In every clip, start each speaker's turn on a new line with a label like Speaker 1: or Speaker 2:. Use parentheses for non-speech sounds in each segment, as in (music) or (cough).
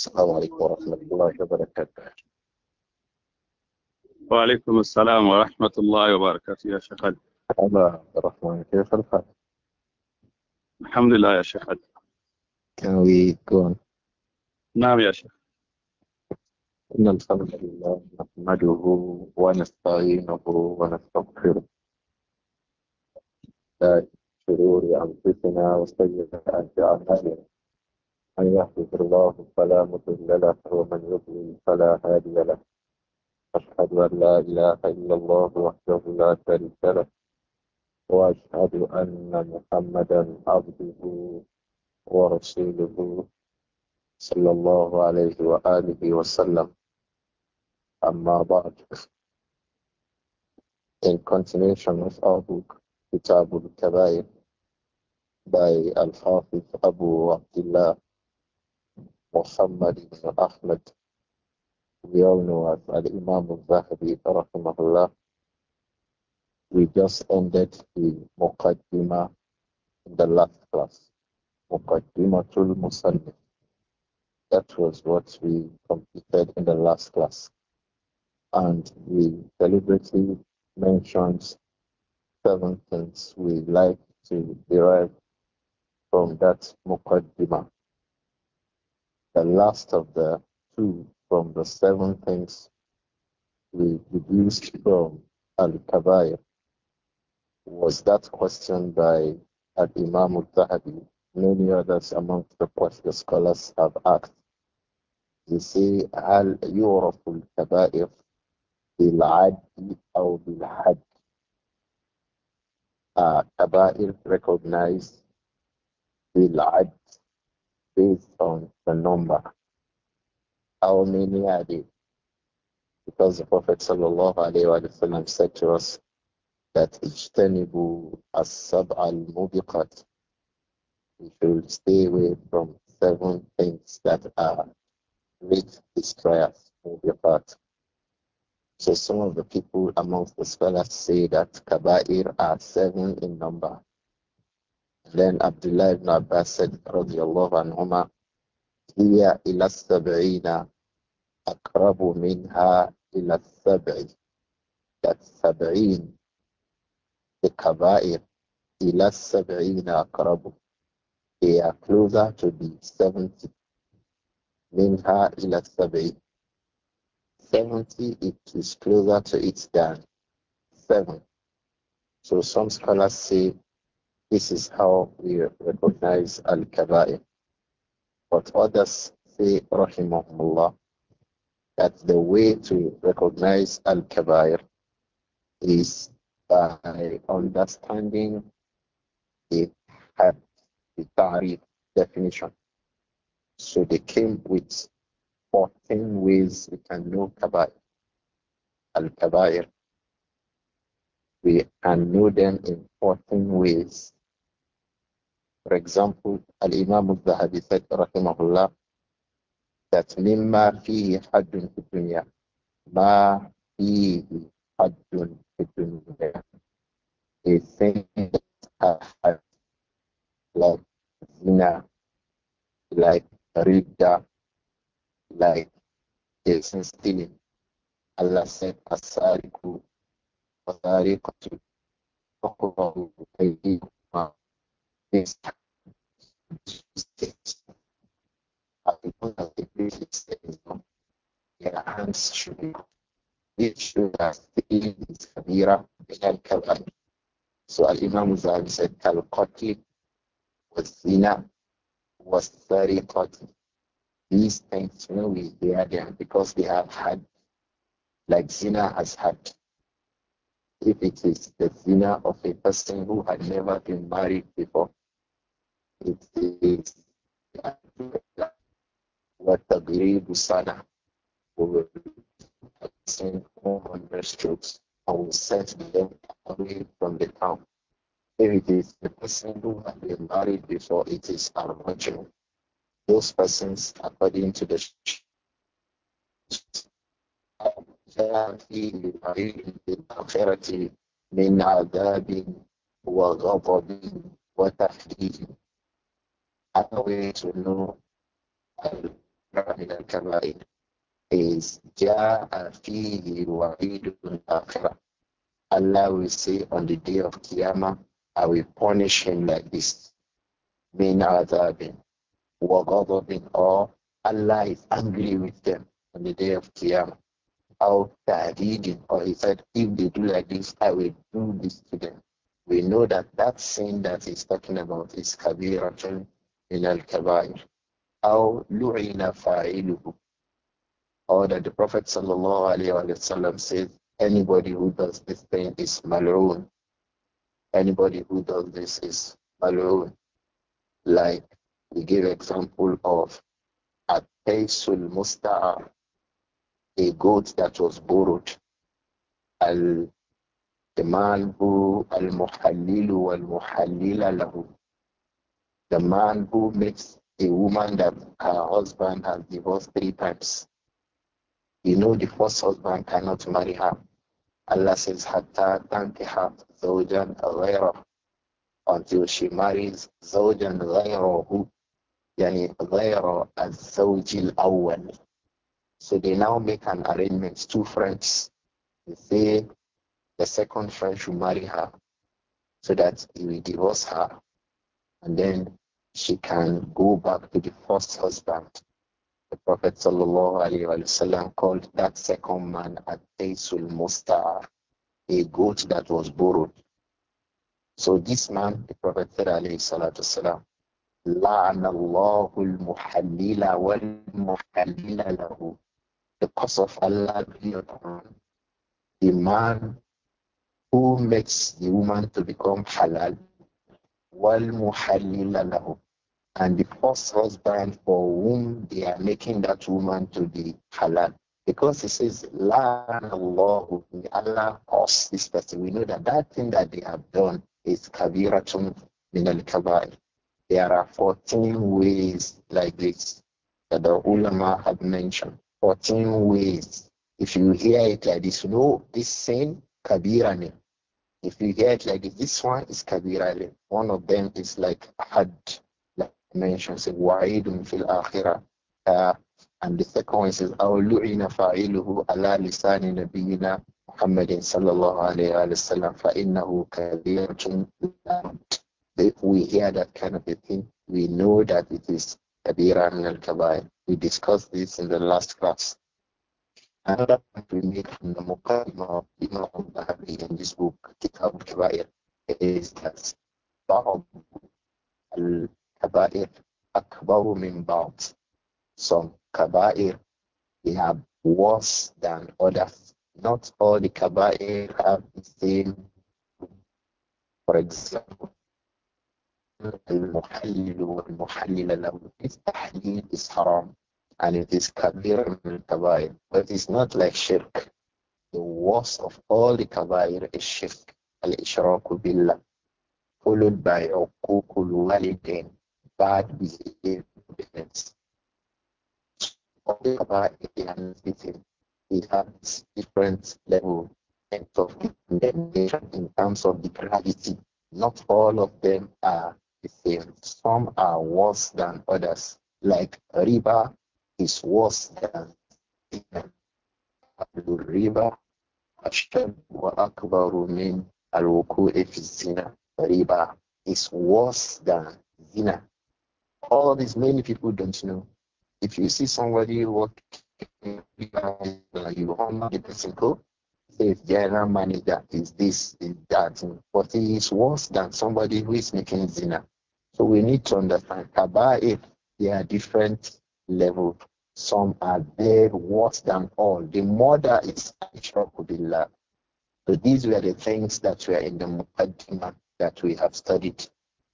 Speaker 1: السلام عليكم ورحمة الله وبركاته وعليكم السلام ورحمة الله وبركاته يا شيخ علي الله الرحمن كيف الحال؟ الحمد لله يا شيخ علي Can we go on? نعم يا شيخ إن الحمد لله نحمده ونستعينه ونستغفره شرور أنفسنا وسيئات أعمالنا من يهده الله فلا مضل له ومن يضلل فلا هادي له أشهد أن لا إله إلا الله وحده لا شريك له وأشهد أن محمدا عبده ورسوله صلى الله عليه وآله وسلم أما بعد In continuation of our book Kitab al-Kabair by Al-Hafiz Abu Abdullah Muhammad ibn Ahmad. We all know as Al Imam al Zahabi, rahimahullah. We just ended the Muqaddimah in the last class. Muqaddimatul Musannif. That was what we completed in the last class. And we deliberately mentioned seven things we like to derive from that Muqaddimah the last of the two from the seven things we deduced from Al Kabair was that question by Al Imam al Zahabi. Many others among the Portuguese scholars have asked. They say, Al Yuraful Kabair bil Adi or bil Had. Uh, kabair recognized bil Adi based on the number. How many are they? Because the Prophet وسلم, said to us that Ijtanibu as-sab al-mubiqat. We should stay away from seven things that are great destroyers, mubiqat. So some of the people amongst the scholars say that kaba'ir are seven in number. Then Abdullah ibn Abbas said, radiyallahu anhuma, hiya ila sab'ina akrabu minha ila sab'i. That sab'in, the kaba'ir, ila sab'ina akrabu. They are closer to the 70. Minha ila sab'i. 70, it is closer to it than 7. So some scholars say this is how we recognize al kabair But others say, rahimahullah, that the way to recognize al kabair is by understanding the tarif definition. So they came with 14 ways we can know kabair. Al-kabair. We can know them in 14 ways. For example, Al-Imam al-Zahabi said, rahimahullah, that mimma فيه حد في dunya, ma فيه حد في dunya, a thing has like zina, like rida, like Jason stealing. Allah said, Asariku, Asarikatu, This Imam Zahab said, Kalqati was zina was tariqati. These things, know, we hear them, because they have had, like zina has had. If it is the zina of a person who had never been married before, it is what the Gribu Sana will send 100 strokes and will set them away from the town. If it is a person who had been married before, it is Armajun. Those persons, according to the من عذاب وغضب وتحديد أويت أنه من الكبائر is جاء فيه وعيد الآخرة Allah will say on the day of Qiyamah I will punish him like this. are adabin wa ghadabin or Allah is angry with them on the day of Qiyamah. Or ta'didin or he said, if they do like this, I will do this to them. We know that that sin that he's talking about is kabiratun in al-kabair. Or lu'ina fa'iluhu. Or that the Prophet sallallahu alayhi wasallam says, anybody who does this thing is mal'oon, Anybody who does this is alone. Like we give example of a Taisul Musta'ar, a goat that was borrowed. Al the man who al muhallilu al muhallila lahu. The man who makes a woman that her husband has divorced three times. You know the first husband cannot marry her. Allah says, Hatta tankiha Zawjan ghayra until she marries Zawjan ghayrahu yani ghayra as zawjil awwal. So they now make an arrangement, two friends. They say the second friend should marry her so that he will divorce her and then she can go back to the first husband. The Prophet ﷺ called that second man at Taysul Mustar a goat that was borrowed. So this man, the Prophet said, alayhi salatu salam, لعن الله المحلل والمحلل له the cause of Allah be upon the man who makes the woman to become halal, wal lahu, and the first husband for whom they are making that woman to be halal. Because it says, La Allah, Allah us this person. We know that that thing that they have done is kabiratun min al kabair. There are 14 ways like this that the ulama have mentioned. 14 ways. If you hear it like this, no, this same kabirani. If you hear it like this, this one is kabirani. One of them is like had, like mentioned, say, wa'idun fil akhirah. Uh, and the second one says, أَوْلُعِنَ فَاعِلُهُ عَلَى لِسَانِ نَبِيِّنَا محمد صلى الله عليه وسلم فإنه كبيرة If we hear that kind of a thing, we know that it is kabira al kabair. We discussed this in the last class. Another point we make from the Muqaddimah of Imam Al-Bahabi in this book, Kitab al-Kabair, is that Ba'ab al-Kabair akbaru min ba some kaba'ir, they are worse than others. Not all the kaba'ir have the same. For example, المحلل والمحلل له التحليل is haram and it is kabir min kabair but it's not like shirk the worst of all the kabair is shirk al-ishraq billah followed by uququl walidain bad behavior Whatever he has it has different level of condemnation in terms of the gravity. Not all of them are the same. Some are worse than others. Like riba is worse than sin. Riba riba is worse than zina. All these many people don't know. If you see somebody working, you honor the person go, say general manager is this, is that, but he is worse than somebody who is making zina. So we need to understand if there are different levels. Some are bad, worse than all. The murder is Ashrakubillah. So these were the things that were in the muqaddima that we have studied.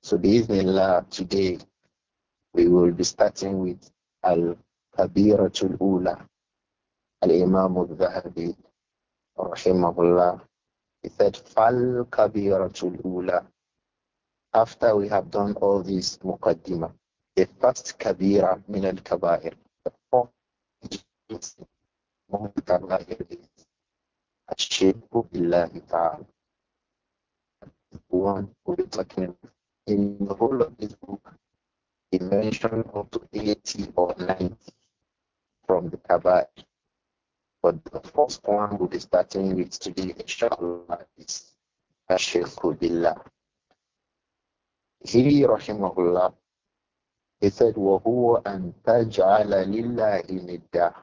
Speaker 1: So Bismillah, today we will be starting with Imam al-Zahabi, الكبيرة الأولى الإمام الذهبي رحمه الله he said فالكبيرة الأولى after we have done all this, Mukaddima, the first كبيرة من الكبائر the first is الشرك بالله تعالى one who is talking in the whole of this book he mentioned up to 80 or 90 from the Kabbalah. But the first one we'll be starting with today, inshallah, is Ashirku Billah. He, rahimahullah, he said, وَهُوَ أَن تَجْعَلَ لِلَّهِ نِدَّةً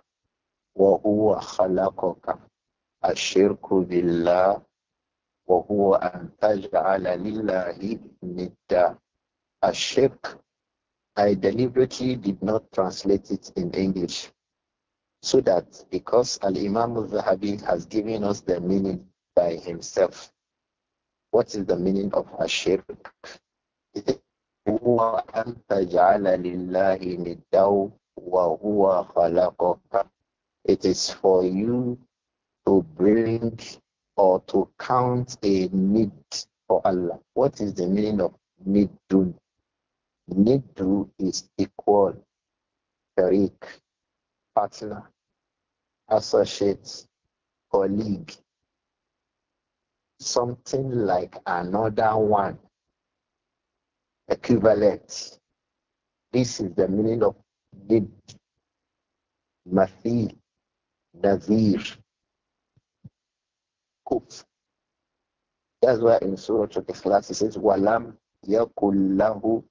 Speaker 1: وَهُوَ خَلَقَكَ الشرك بالله وهو أن تجعل لله ندا الشرك I deliberately did not translate it in English so that because Al Imam al Zahabi has given us the meaning by himself, what is the meaning of a هو It is for you to bring or to count a need for Allah. What is the meaning of nidun? to is equal, Tariq, partner, associate, colleague, something like another one, equivalent. This is the meaning of Nid, Mathi, Nazir, Kuf. That's why in Surah Al-Ikhlas it says, Walam yakullahu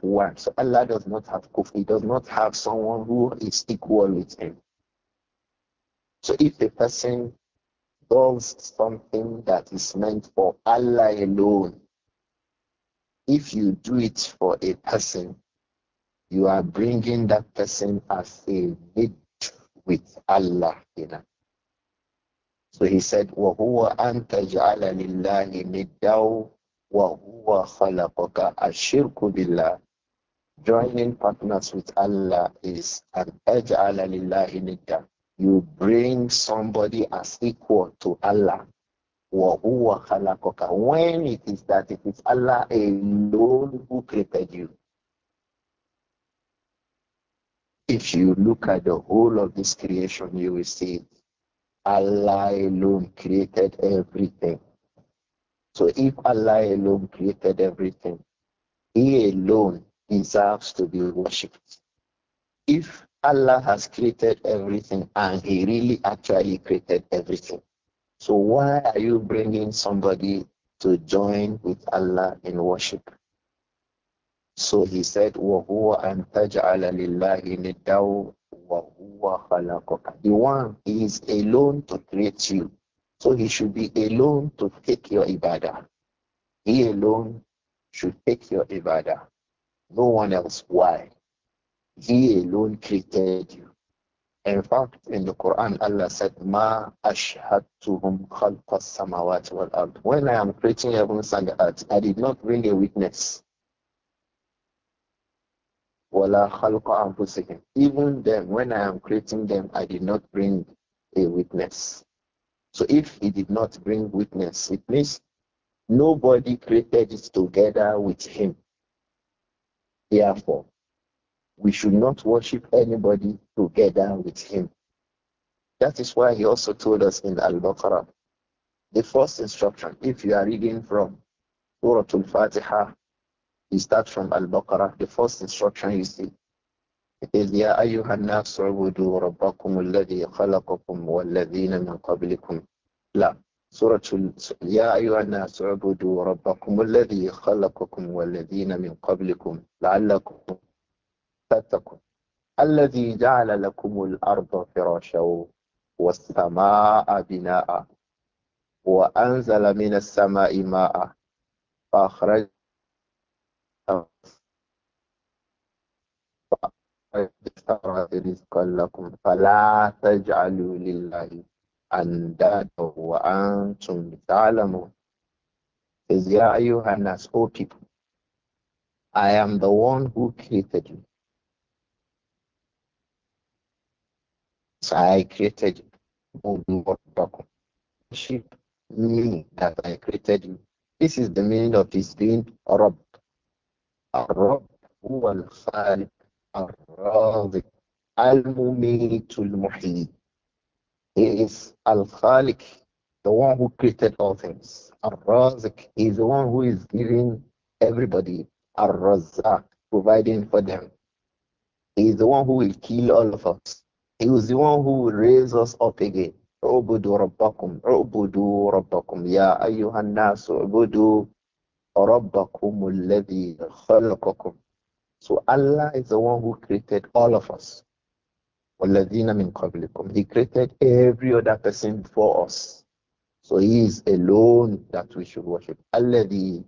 Speaker 1: one, So Allah does not have kuf. He does not have someone who is equal with him. So if a person does something that is meant for Allah alone, if you do it for a person, you are bringing that person as a mid with Allah. You know? So he said, وَهُوَ أَن تَجْعَلَ لِلَّهِ نِدَّاً وَهُوَ خَلَقَكَ الشِّرْكُ billah. Joining partners with Allah is an aj'ala lillahi nidda. You bring somebody as equal to Allah. وَهُوَ khalaqaka. When it is that it is Allah alone who created you. If you look at the whole of this creation, you will see Allah alone created everything. So if Allah alone created everything, He alone deserves to be worshipped. If Allah has created everything and He really actually created everything, so why are you bringing somebody to join with Allah in worship? So he said, وَهُوَ أَن تَجْعَلَ لِلَّهِ نِدَّوْا وَهُوَ خَلَقَكَ The one is alone to create you so he should be alone to take your ibadah. He alone should take your ibadah. No one else. Why? He alone created you. In fact, in the Quran, Allah said, Ma ashhadtuhum khalqa wal ard. When I am creating heavens and earth, I did not bring a witness. Even them, when I am creating them, I did not bring a witness. So if he did not bring witness, it means nobody created it together with him. Therefore, we should not worship anybody together with him. That is why he also told us in Al Baqarah, the first instruction, if you are reading from Surah Al Fatiha, you start from Al Baqarah, the first instruction you see إذ يا أيها الناس اعبدوا ربكم الذي خلقكم والذين من قبلكم لا سورة يا أيها الناس اعبدوا ربكم الذي خلقكم والذين من قبلكم لعلكم تتقون الذي جعل لكم الأرض فراشا والسماء بناء وأنزل من السماء ماء فأخرج استراد رزقا لكم فلا تجعلوا لله أندادا وأنتم تعلمون Ya O people, I am the one who created you. So I created you. Worship me that I created you. This is the meaning of his being Arab. Arab who will find? al razik Al-Mumitul Muhyi. He is Al-Khalik, the one who created all things. al razik he is the one who is giving everybody al razak providing for them. He is the one who will kill all of us. He was the one who will raise us up again. اعبدوا ربكم اعبدوا ربكم يا أيها الناس اعبدوا ربكم الذي خلقكم so Allah is the one who created all of us. He created every other person before us. So He is alone that we should worship. Alladhi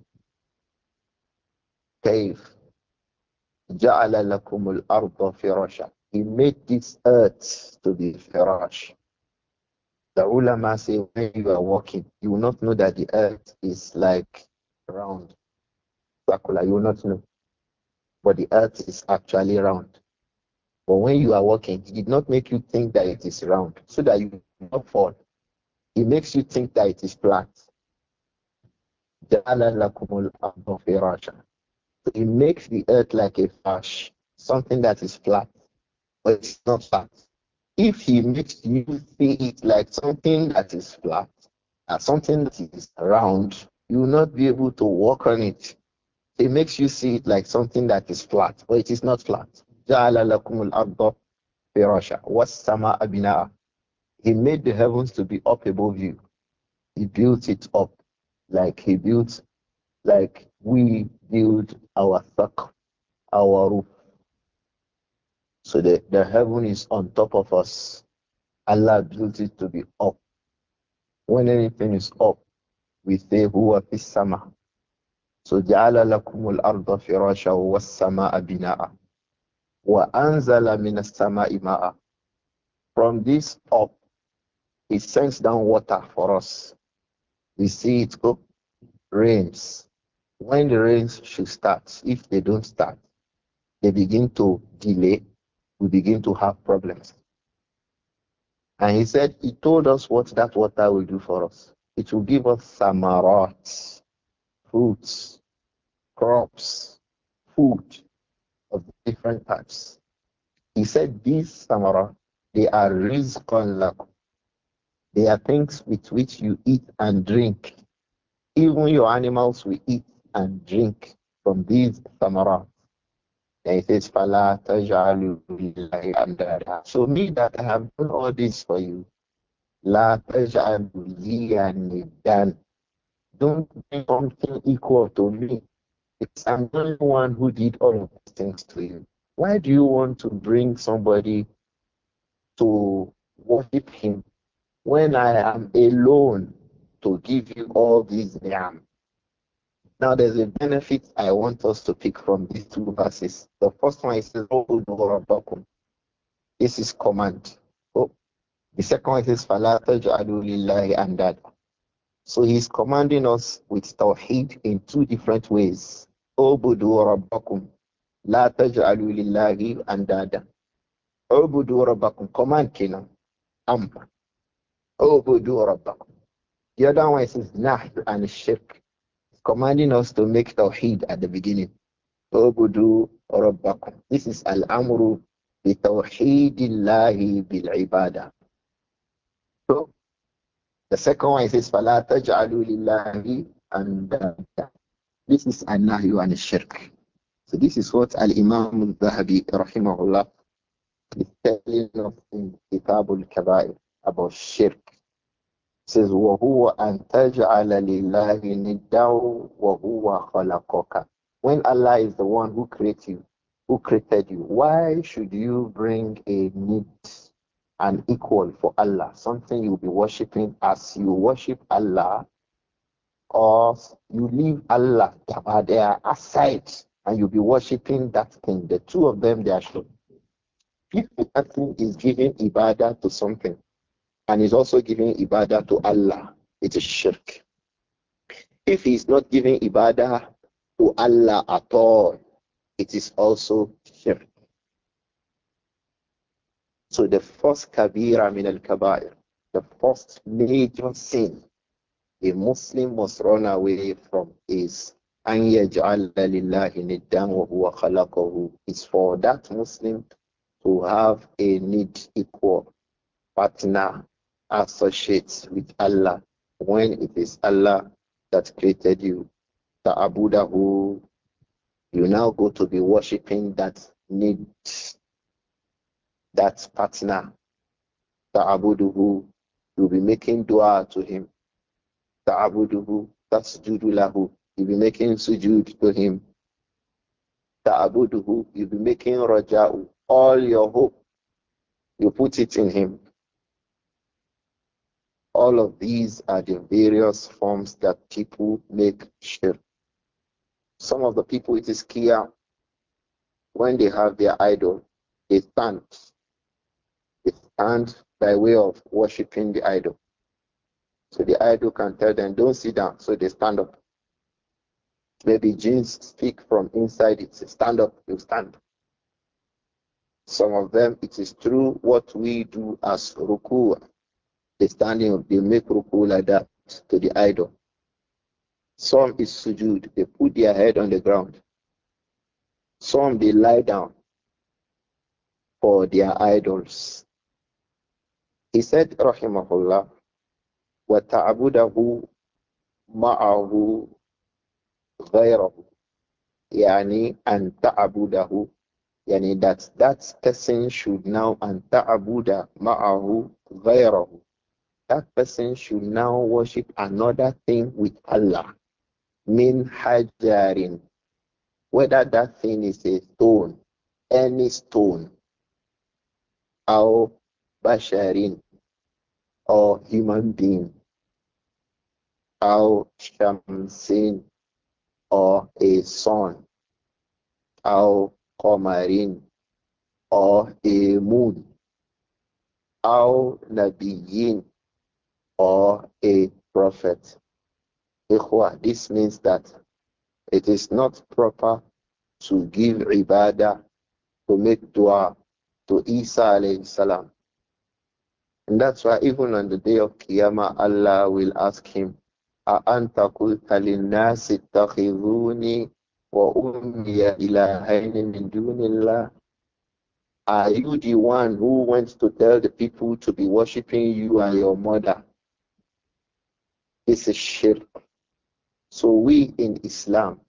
Speaker 1: كيف جعل al الأرض فراشا He made this earth to be firash. The ulama say when you are walking, you will not know that the earth is like round. Circular, you will not know but the earth is actually round. But when you are walking, he did not make you think that it is round so that you will not fall. He makes you think that it is flat. So he makes the earth like a flash, something that is flat, but it's not flat. If he makes you see it like something that is flat, or something that is round, you will not be able to walk on it it makes you see it like something that is flat, but it is not flat. He made the heavens to be up above you. He built it up like he built, like we build our thak, our roof. So the, the heaven is on top of us. Allah built it to be up. When anything is up, we say, Huwa fis sama so جعل لكم الأرض فراشا والسماء بناء وأنزل من السماء ماء From this up, He sends down water for us. We see it go rains. When the rains should start, if they don't start, they begin to delay. We begin to have problems. And he said, He told us what that water will do for us. It will give us samarat fruits, crops, food of different types. He said these samara, they are rizqan lakum. They are things with which you eat and drink. Even your animals will eat and drink from these samara. And he says, Fala tajalu So me that I have done all this for you, la tajalu don't bring something equal to me. It's I'm the only one who did all of these things to you. Why do you want to bring somebody to worship him when I am alone to give you all these yam? Now there's a benefit I want us to pick from these two verses. The first one is oh, this is command. Oh. The second one is Falata Ja'alulillahi and that so he's commanding us with Tawheed in two different ways. Obudu Rabbakum. La taj'alu lillahi andada. Obudu Rabbakum. Command kina. amba. Obudu Rabbakum. The other one is Nahd and Shirk. Commanding us to make Tawheed at the beginning. Obudu Rabbakum. This is Al-Amru bi Tawheedillahi bil Ibadah. So the second one is فَلَا تَجْعَلُوا and أَنْدَادًا This is النهي عن shirk So this is what Al-Imam al-Dhahabi rahimahullah is telling us in Kitab al-Kabair about shirk. It says وَهُوَ أَنْ تَجْعَلَ لِلَّهِ نِدَّعُ وَهُوَ When Allah is the one who created you, who created you, why should you bring a need and equal for Allah, something you'll be worshipping as you worship Allah, or you leave Allah uh, there aside and you'll be worshipping that thing. The two of them, they are shown. If that thing is giving ibadah to something and is also giving ibadah to Allah, it is shirk. If he is not giving ibadah to Allah at all, it is also shirk. So the first kabira min al kabair, the first major sin a Muslim must run away from is an yaj'ala lillahi niddan wa huwa khalaqahu. It's for that Muslim to have a need equal partner associates with Allah when it is Allah that created you. The who you now go to be worshipping that need that partner, ta'abuduhu, you'll be making dua to him. Ta'abuduhu, that's judulahu, you'll be making sujud to him. Ta'abuduhu, you'll be making raja'u, all your hope, you put it in him. All of these are the various forms that people make shirk. Some of the people, it is clear, when they have their idol, they stand and by way of worshipping the idol. So the idol can tell them, don't sit down. So they stand up. Maybe jinns speak from inside it. Say, stand up, you stand. Some of them, it is true what we do as ruku. They standing up, they make ruku like that to the idol. Some is sujud, they put their head on the ground. Some they lie down for their idols. He said, Rahimahullah, وَتَعْبُدَهُ مَعَهُ غَيْرَهُ يعني أن تعبده يعني that that person should now أن تعبد معه غيره that person should now worship another thing with Allah من حجر whether that thing is a stone any stone أو بشر or human being, Al Shamsin, or a sun, Al Qamarin, or a moon, Al Nabiyin, or a prophet. This means that it is not proper to give ibadah, to make dua to Isa alayhi salam and that's why even on the day of Qiyamah, Allah will ask him, أَأَنْتَ قُلْتَ لِلنَّاسِ اتَّخِذُونِي وَأُمِّيَ إِلَهَيْنِ مِن دُونِ اللَّهِ Are you the one who went to tell the people to be worshipping you and your mother? This is shirk. So we in Islam,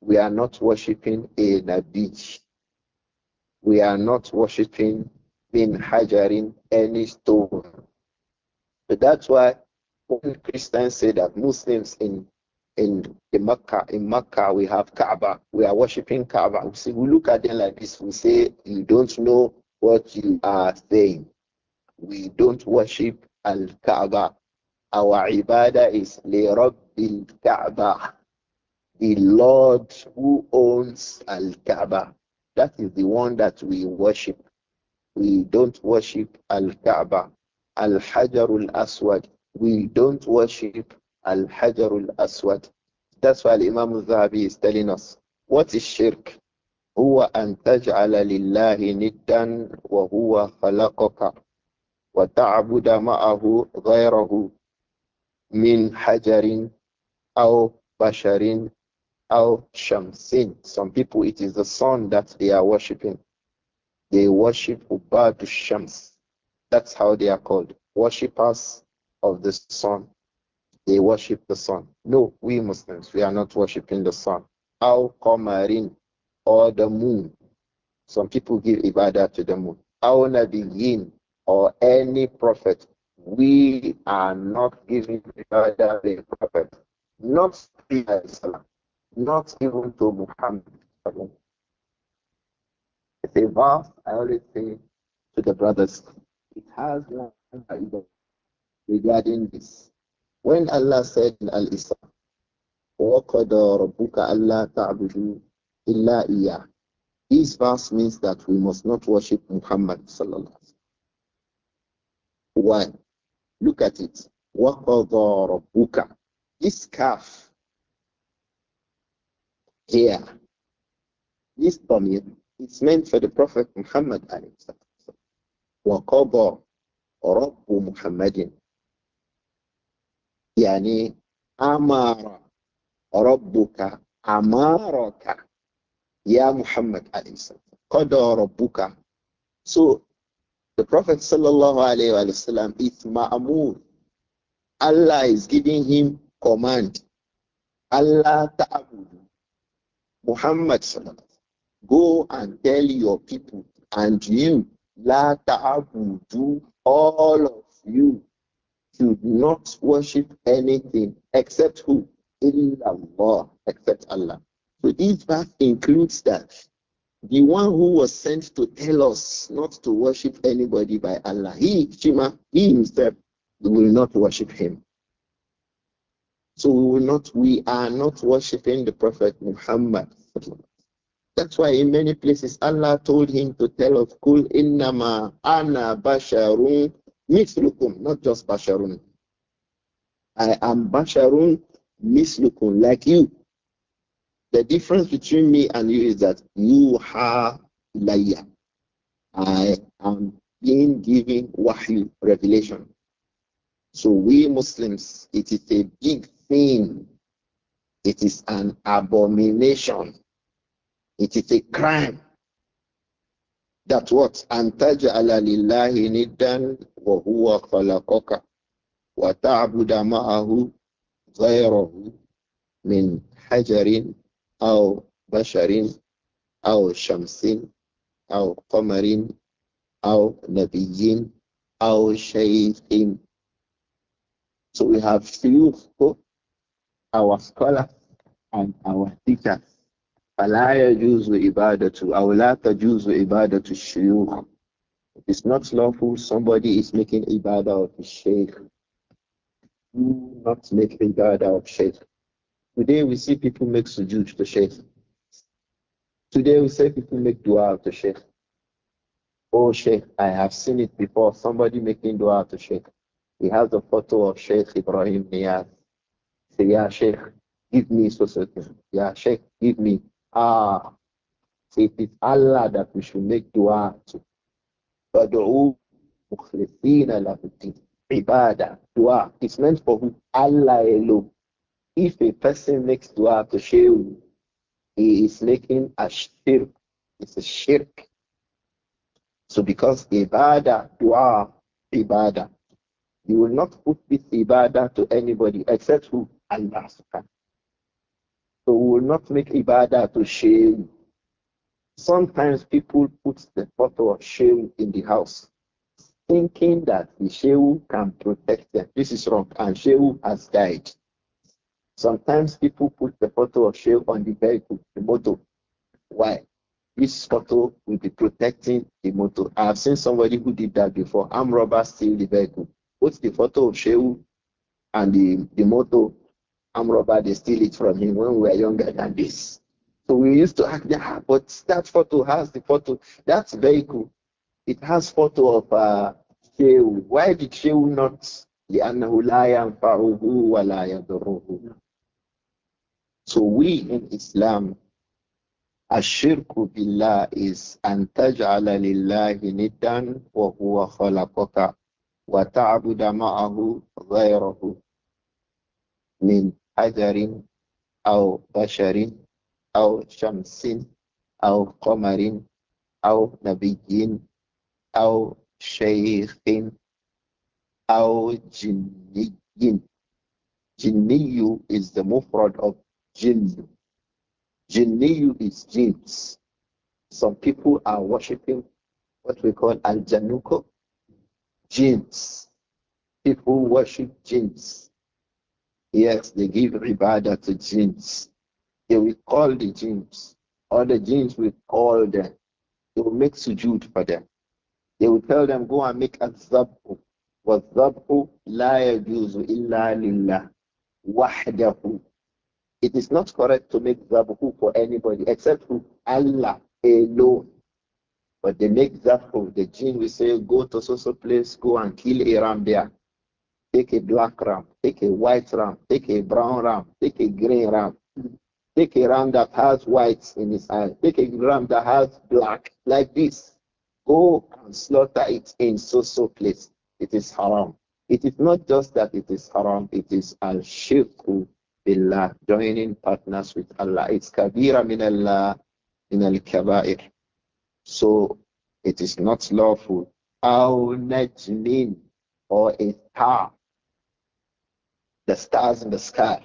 Speaker 1: we are not worshipping a Nabi. We are not worshipping been hajarin, any stone. So that's why when Christians say that Muslims in in, the Mecca, in Mecca we have Kaaba, we are worshipping Kaaba. We, see, we look at them like this, we say, you don't know what you are saying. We don't worship Al-Kaaba. Our ibadah is li al Kaaba, the Lord who owns Al-Kaaba. That is the one that we worship. We don't worship Al Kaaba, Al Hajarul Aswad. We don't worship Al Hajarul Aswad. That's why Imam al Zahabi is telling us what is shirk? هو أن تجعل لله ندا وهو خلقك وتعبد معه غيره من حجر أو بشر أو شمس. Some people it is the sun that they are worshipping. They worship Ubadu Shams. That's how they are called. Worshippers of the sun. They worship the sun. No, we Muslims, we are not worshipping the sun. How? Qamarin or the moon. Some people give ibadah to the moon. Al Nabiyin or any prophet. We are not giving ibadah to the prophet. Not not even to Muhammad say vast, I always say to the brothers, it has one regarding this. When Allah said in Al Isra, illa iya. This verse means that we must not worship Muhammad sallallahu Why? Look at it. وَقَضَى رَبُّكَ This calf here, this dominion it's meant for the Prophet Muhammad Ali. وَقَضَى رَبُّ مُحَمَّدٍ يعني أمر ربك أمرك يا محمد عليه السلام قضى ربك So the Prophet sallallahu alayhi wa sallam is ma'amur. Allah is giving him command. Allah ta'abudu. Muhammad sallallahu Go and tell your people and you, La Ta'abudu, all of you should not worship anything except who? Allah, except Allah. So this verse includes that. The one who was sent to tell us not to worship anybody by Allah, he, Shima, he himself will not worship him. So we will not, we are not worshiping the Prophet Muhammad that's why in many places Allah told him to tell of Kul innama ana basharun mislukum, not just basharun. I am basharun mislukum, like you. The difference between me and you is that you ha laya. I am being given wahyu, revelation. So we Muslims, it is a big thing. It is an abomination it is a crime that what antaj'ala lillahi niddan wa huwa khalaqaka wa ta'budu ma'ahu ghayrahu min hajarin aw basharin aw shamsin aw qamarin aw nabiyyin aw shay'in so we have few our scholars and our teachers فلا يجوز إبادة أو لا تجوز to الشيوخ It is not lawful somebody is making ibadah of the sheikh. Do not make ibadah of sheikh. Today we see people make sujud to sheikh. Today we see people make dua to sheikh. Oh sheikh, I have seen it before, somebody making dua to sheikh. He has a photo of Sheikh Ibrahim Niyaz. Say, yeah, Sheikh, give me so certain. Yeah, Sheikh, give me Ah, it is Allah that we should make dua to. فَدْعُوا مُخْلِصِينَ لَهُ Ibadah, dua. It's meant for who? Allah alone. If a person makes dua to Shaykh, he is making a shirk. It's a shirk. So because ibadah, dua, ibadah, you will not put this ibadah to anybody except who? Allah subhanahu so we will not make ibadah to shame. Sometimes people put the photo of shame in the house, thinking that the shehu can protect them. This is wrong, and shehu has died. Sometimes people put the photo of shehu on the vehicle, the motor. Why? This photo will be protecting the motor. I have seen somebody who did that before. Arm robbers steal the vehicle, put the photo of shehu and the, the motor arm robber, they steal it from him when we were younger than this. So we used to act, yeah, but that photo has the photo. That's very cool. It has photo of uh, Why did Shehu not? So we in Islam, ashirku billah is أن تجعل لله ندا وهو خلقك وتعبد معه غيره من hajarin au basharin au shamsin au qamarin au nabiyyin au shaykhin au jinniyyin jinniyu is the mufrad of jinn jinniyu is jinns some people are worshipping what we call al-januko jinns people worship jinns Yes, they give ibadah to jinns. They will call the jinns, or the jinns will call them. They will make sujood for them. They will tell them, go and make a zabhu. وَالذَّبْحُ لَا يَجُوزُ إِلَّا لِلَّهِ وَحْدَهُ It is not correct to make zabhu for anybody except for Allah alone. But they make zabhu. The jinn will say, go to so-so place, go and kill a ram there Take a black ram, take a white ram, take a brown ram, take a green ram. Take a ram that has whites in its eye. Take a ram that has black, like this. Go and slaughter it in so so place. It is haram. It is not just that it is haram, it is al shirku billah, joining partners with Allah. It's kabira min Allah, min al kabair. So it is not lawful. Aw najmin, or a star the stars in the sky.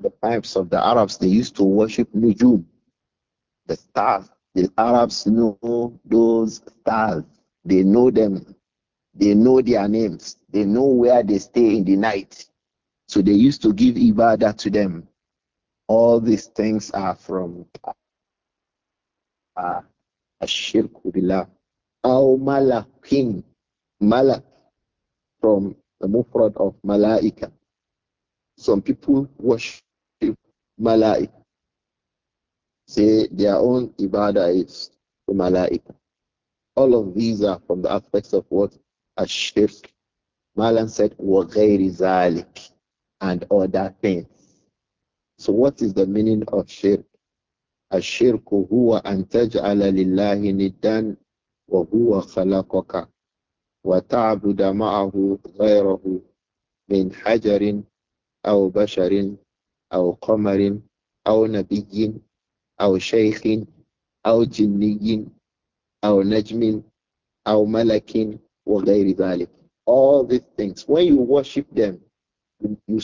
Speaker 1: The pipes of the Arabs, they used to worship Nujum, the stars. The Arabs know those stars. They know them. They know their names. They know where they stay in the night. So they used to give ibadah to them. All these things are from uh, Ashirk Billah. Aw Malakim. Malak from the mufrad of Malaika. Some people worship Malai, Say their own ibadah is Malai. All of these are from the aspects of what Ashirk. Malan said, وَغَيْرِ zalik and other things. So what is the meaning of shirk? الشرك هو أن تجعل لله ندا وهو خلقك وتعبد معه غيره من حجر أو بشر أو قمر أو نبي أو شيخ أو جني أو نجم أو ملك وغير ذلك all these things when you worship them you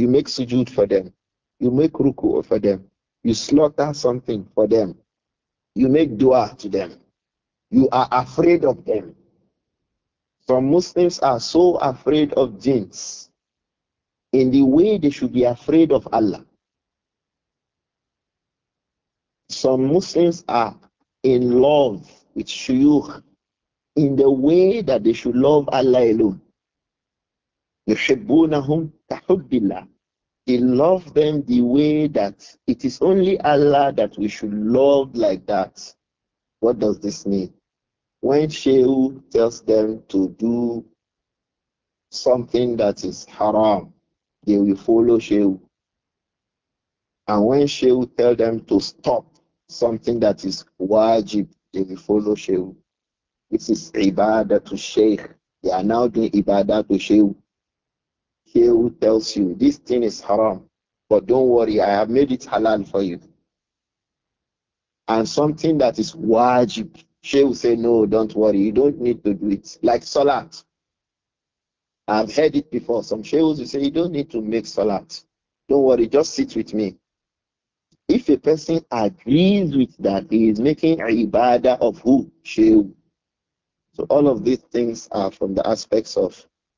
Speaker 1: you make sujud for them you make ruku for them you slaughter something for them you make dua to them you are afraid of them some muslims are so afraid of jinns in the way they should be afraid of Allah. Some Muslims are in love with shuyukh in the way that they should love Allah alone. they love them the way that it is only Allah that we should love like that. What does this mean? When Shehu tells them to do something that is haram, they will follow Shehu. And when Shehu tell them to stop something that is wajib, they will follow Shehu. This is ibadah to Sheikh. They are now doing ibadah to Shehu. Shehu tells you this thing is haram, but don't worry, I have made it halal for you. And something that is wajib, Shehu say no, don't worry, you don't need to do it. Like salat. I've heard it before. Some sheikhs you say, You don't need to make salat. Don't worry, just sit with me. If a person agrees with that, he is making a ibadah of who? Sheikh. So all of these things are from the aspects of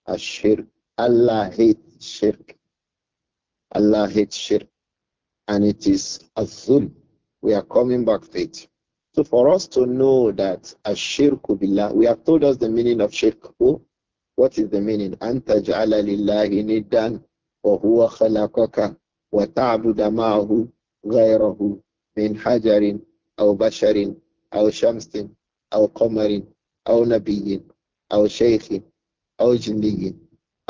Speaker 1: a shirk. Allah hates shirk. Allah hates shirk. And it is azul. We are coming back to it. So for us to know that a shirk billah, we have told us the meaning of shirk. Oh, what is the meaning? Anta ja'ala lillahi niddan wa huwa khalaqaka wa ta'budu ma'ahu ghayrahu min hajarin aw basharin aw shamsin aw qamarin aw nabiyyin aw shaykhin aw jinniyin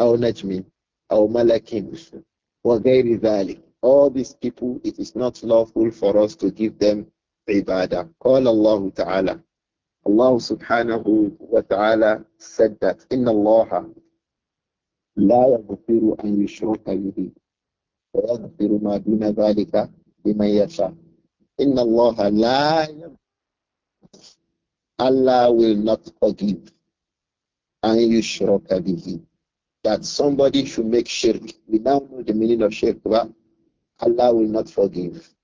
Speaker 1: aw najmin aw malakin wa ghayri dhalik. All these people, it is not lawful for us to give them ibadah. Call Allah Ta'ala. Allah subhanahu wa ta'ala said that in Allah لا يغفر أن يشرك به ويغفر ما دون ذلك لمن يشاء إن الله لا la. Allah will not forgive أن يشرك به that somebody should make shirk. We now know the meaning of shirk, but Allah will not forgive.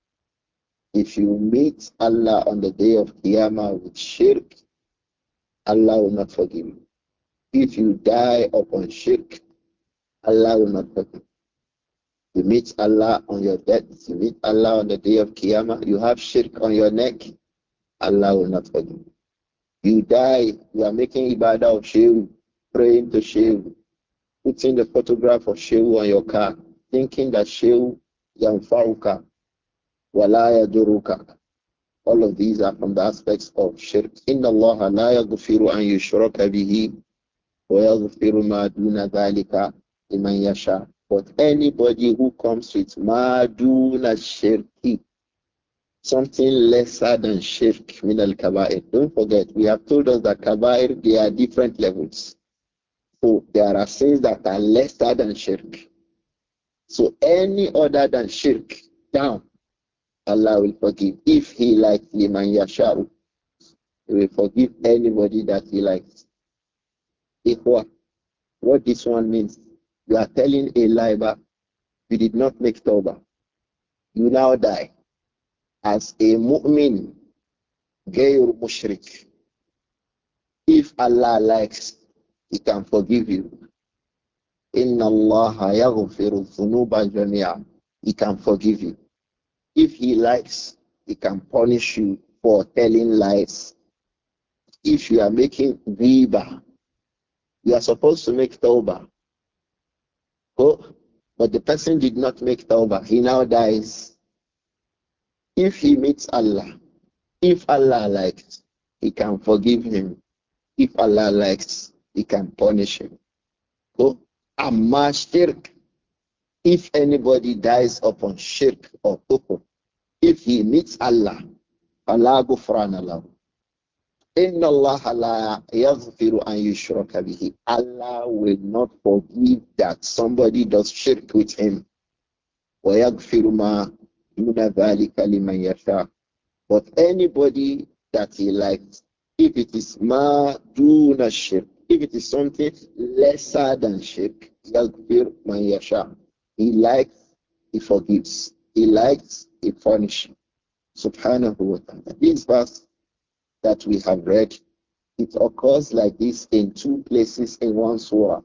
Speaker 1: If you meet Allah on the day of Qiyamah with shirk, Allah will not forgive you. If you die upon shirk, Allah will not forgive you. You meet Allah on your death, you meet Allah on the day of Qiyamah, you have shirk on your neck, Allah will not forgive you. You die, you are making ibadah of shirk, praying to shirk, putting the photograph of Shehu on your car, thinking that Shehu Yanfaruka وَلَا All of these are from the aspects of shirk. إِنَّ اللَّهَ لَا يَغْفِرُ أَن يُشْرَكَ بِهِ وَيَغْفِرُ مَا دُونَ ذَلِكَ لِمَنْ But anybody who comes with مَا something lesser than shirk min al kabair. Don't forget, we have told us that kabair they are different levels. So there are sins that are lesser than shirk. So any other than shirk down Allah will forgive if He likes Liman Yasha'u. He will forgive anybody that He likes. If what? What this one means? You are telling a lie You did not make tawbah. You now die as a mu'min, gayr mushrik. If Allah likes, He can forgive you. Inna Allah yaghfiru thunuba jami'a. He can forgive you. If he likes, he can punish you for telling lies. If you are making riba, you are supposed to make tauba. Oh, but the person did not make tauba. He now dies. If he meets Allah, if Allah likes, he can forgive him. If Allah likes, he can punish him. Oh, amma shirk if anybody dies upon shirk or kufr, if he meets Allah, Allah gufran Allah. Inna Allah la yaghfiru an yushraka bihi. Allah will not forgive that somebody does shirk with him. Wa yaghfiru ma duna dhalika liman yasha. But anybody that he likes, if it is ma duna shirk, if it is something lesser than shirk, yaghfir man yasha. He likes, He forgives. He likes, He punishes. Subhanahu wa ta'ala. This verse that we have read, it occurs like this in two places in one surah.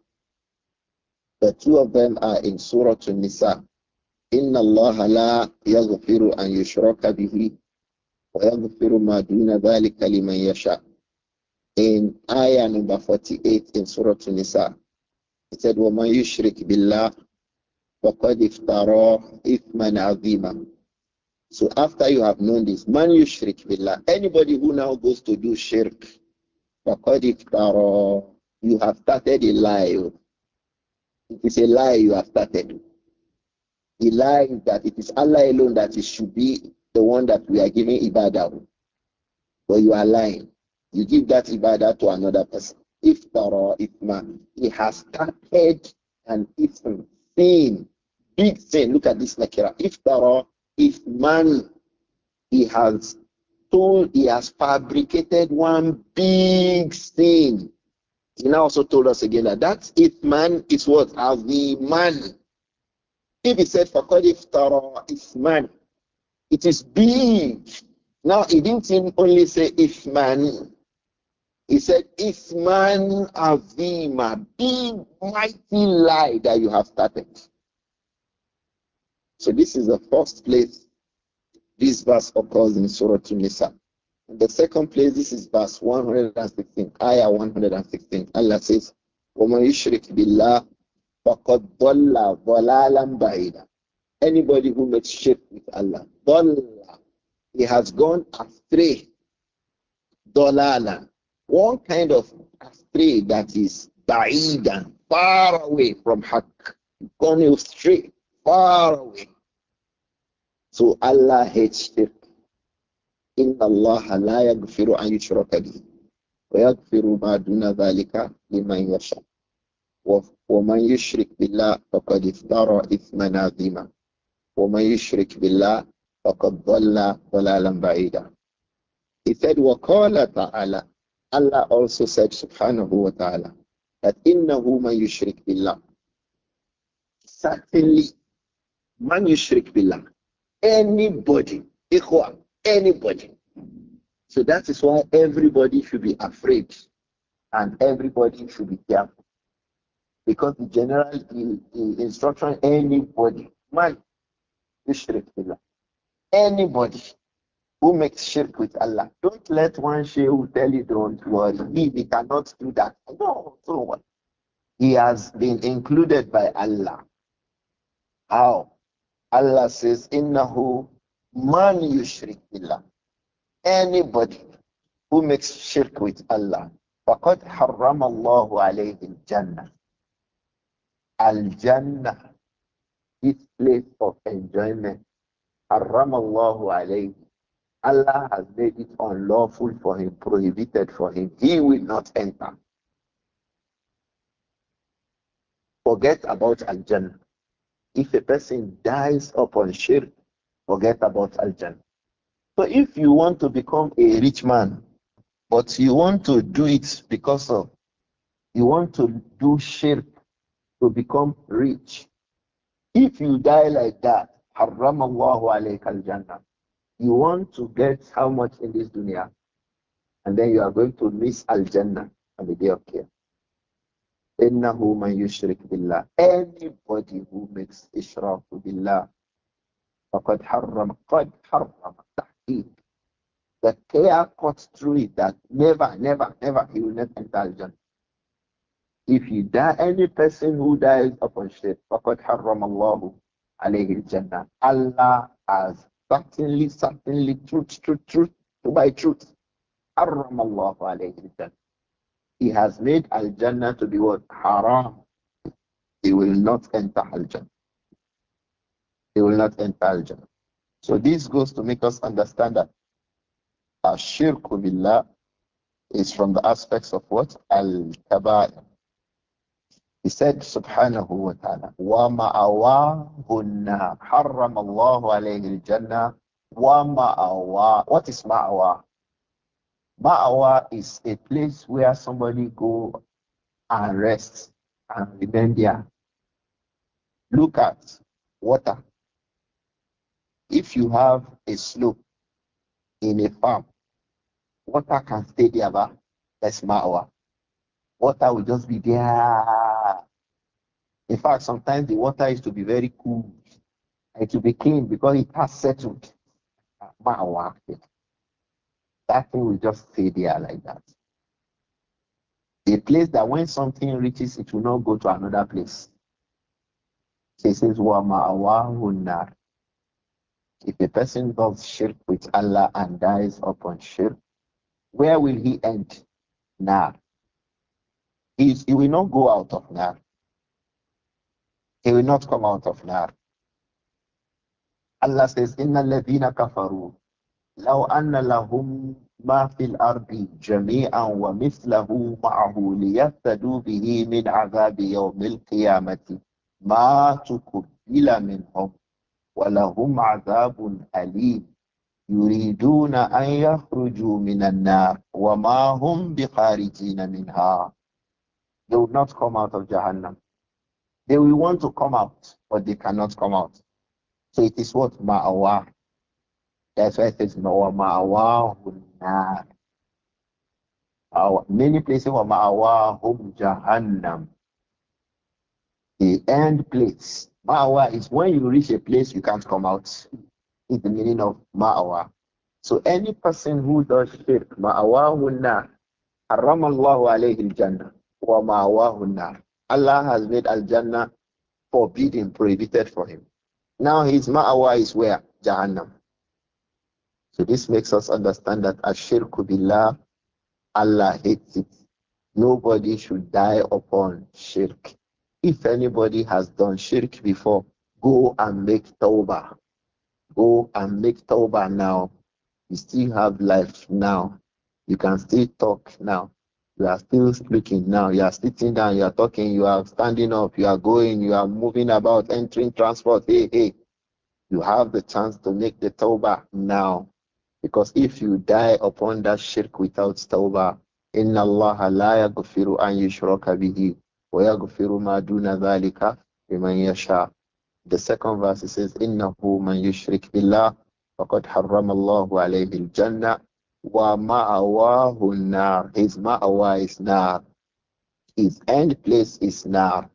Speaker 1: The two of them are in Surah An-Nisa. Allah الله لا يغفر أن يشرك به ويغفر ما دون ذلك لمن يشاء in ayah number 48 in Surah An-Nisa. It said, وَمَنْ يُشْرِكْ بِاللَّهِ فَقَدْ اِفْتَرَى إِثْمًا عَظِيمًا So after you have known this, man yushrik billah, anybody who now goes to do shirk, فَقَدْ اِفْتَرَى You have started a lie. It is a lie you have started. A lie that it is Allah alone that it should be the one that we are giving ibadah. But you are lying. You give that ibadah to another person. If if itma. He has started an ism, sin. Big thing. Look at this nakira. If are, if man, he has told, he has fabricated one big thing. He now also told us again that that is if man is what as the man. If he said fakad if tara if man, it is big. Now he didn't only say if man. He said, If man avima, big mighty lie that you have started. So this is the first place this verse occurs in Surah Tunisa. In the second place, this is verse 116, ayah 116. Allah says, Anybody who makes shirk with Allah, Allah, He has gone astray. ضَلَالًا One kind of astray that is ba'idan, far away from haq. Gone astray, far away. So Allah hates shirk. إن الله لا يغفر أن يشرك به ويغفر ما دون ذلك لمن يشاء ومن يشرك بالله فقد افترى إثما عظيما ومن يشرك بالله فقد ضل ضلالا بعيدا He said وقال تعالى Allah also said subhanahu wa ta'ala that إنه من يشرك بالله certainly من يشرك بالله Anybody. equal Anybody. So that is why everybody should be afraid and everybody should be careful. Because the general instruction anybody, man, you shirk Allah. Anybody who makes shirk with Allah, don't let one shaykh tell you don't worry. He, he cannot do that. No, so what? He has been included by Allah. How? Allah says, Innahu man yushrik billah. Anybody who makes shirk with Allah, فَقَدْ حَرَّمَ اللَّهُ عَلَيْهِ الْجَنَّةِ Al-Jannah, this place of enjoyment, حَرَّمَ اللَّهُ عَلَيْهِ Allah has made it unlawful for him, prohibited for him. He will not enter. Forget about Al-Jannah. If a person dies upon shirk, forget about Al Jannah. So if you want to become a rich man, but you want to do it because of, you want to do shirk to become rich. If you die like that, haram Allahu alayka al jannah. You want to get how much in this dunya, and then you are going to miss al jannah on the day of care. إنه من يشرك بالله anybody who makes إشراك بالله فقد حرم قد حرم تحقيق the clear through it that never never never he will never enter Jannah if you die any person who dies upon shirk فقد حرم Allah عليه Jannah. Allah has certainly certainly truth truth truth by truth حرم Allah عليه Jannah. He has made Al Jannah to be what? Haram. He will not enter Al Jannah. He will not enter Al Jannah. So this goes to make us understand that Ashirku Billah is from the aspects of what? Al Kaba'ir. He said, Subhanahu wa ta'ala, Wa ma'awahunna harram Allahu alayhi al-jannah wa ma'awah. What is ma'awah? Ma'awa is a place where somebody go and rest and remain there. Look at water. If you have a slope in a farm, water can stay there, but that's Ma'awa. Water will just be there. In fact, sometimes the water is to be very cool. It will be clean because it has settled. Ma'awa that thing will just stay there like that. A place that when something reaches, it will not go to another place. He says, Wa ma'awahunar. If a person does shirk with Allah and dies upon shirk, where will he end? Nar. He, he will not go out of Nar. He will not come out of Nar. Allah says, Inna ladina kafaru لو أن لهم ما في الأرض جميعا ومثله معه ليفتدوا به من عذاب يوم القيامة ما تقبل منهم ولهم عذاب أليم يريدون أن يخرجوا من النار وما هم بخارجين منها They will not come out of Jahannam. They will want to come out, but they cannot come out. So it is what ma'awa. That's why it says, our many places wa ma'awahum jahannam. The end place. Ma'awa is when you reach a place you can't come out. Is the meaning of ma'awa. So any person who does shirk, ma'awahunna, haram Allahu alayhi jannah wa ma'awahunna. Allah has made al-jannah forbidden, prohibited for him. Now his ma'awa is where? Jahannam. So this makes us understand that ashirku billah, Allah hates it. Nobody should die upon shirk. If anybody has done shirk before, go and make tawbah. Go and make tawbah now. You still have life now. You can still talk now. You are still speaking now. You are sitting down. You are talking. You are standing up. You are going. You are moving about, entering transport. Hey, hey. You have the chance to make the tawbah now. Because if you die upon that shirk without tawbah, إن الله لا يغفر أن يشرك به ويغفر ما دون ذلك لمن يشاء. The second verse says, إنه من يشرك بالله فقد حرم الله عليه الجنة ومأواه النار. His ma'awa is nar. His end place is nar.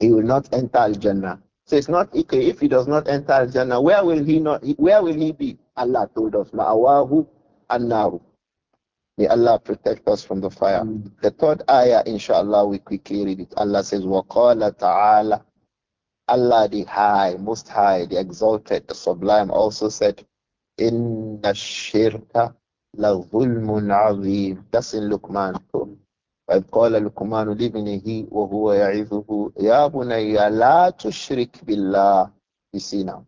Speaker 1: He will not enter al-Jannah. So it's not okay If he does not enter Jannah, where will he not? Where will he be? Allah told us, Ma'awahu naru May Allah protect us from the fire. Mm. The third ayah, inshallah, we quickly read it. Allah says, waqala ta'ala. Allah the High, Most High, the Exalted, the Sublime also said, inna إِنَّ la zulmun عَظِيمٌ That's in Luqman إذ قال لقمان لابنه وهو يعظه يا بني لا تشرك بالله You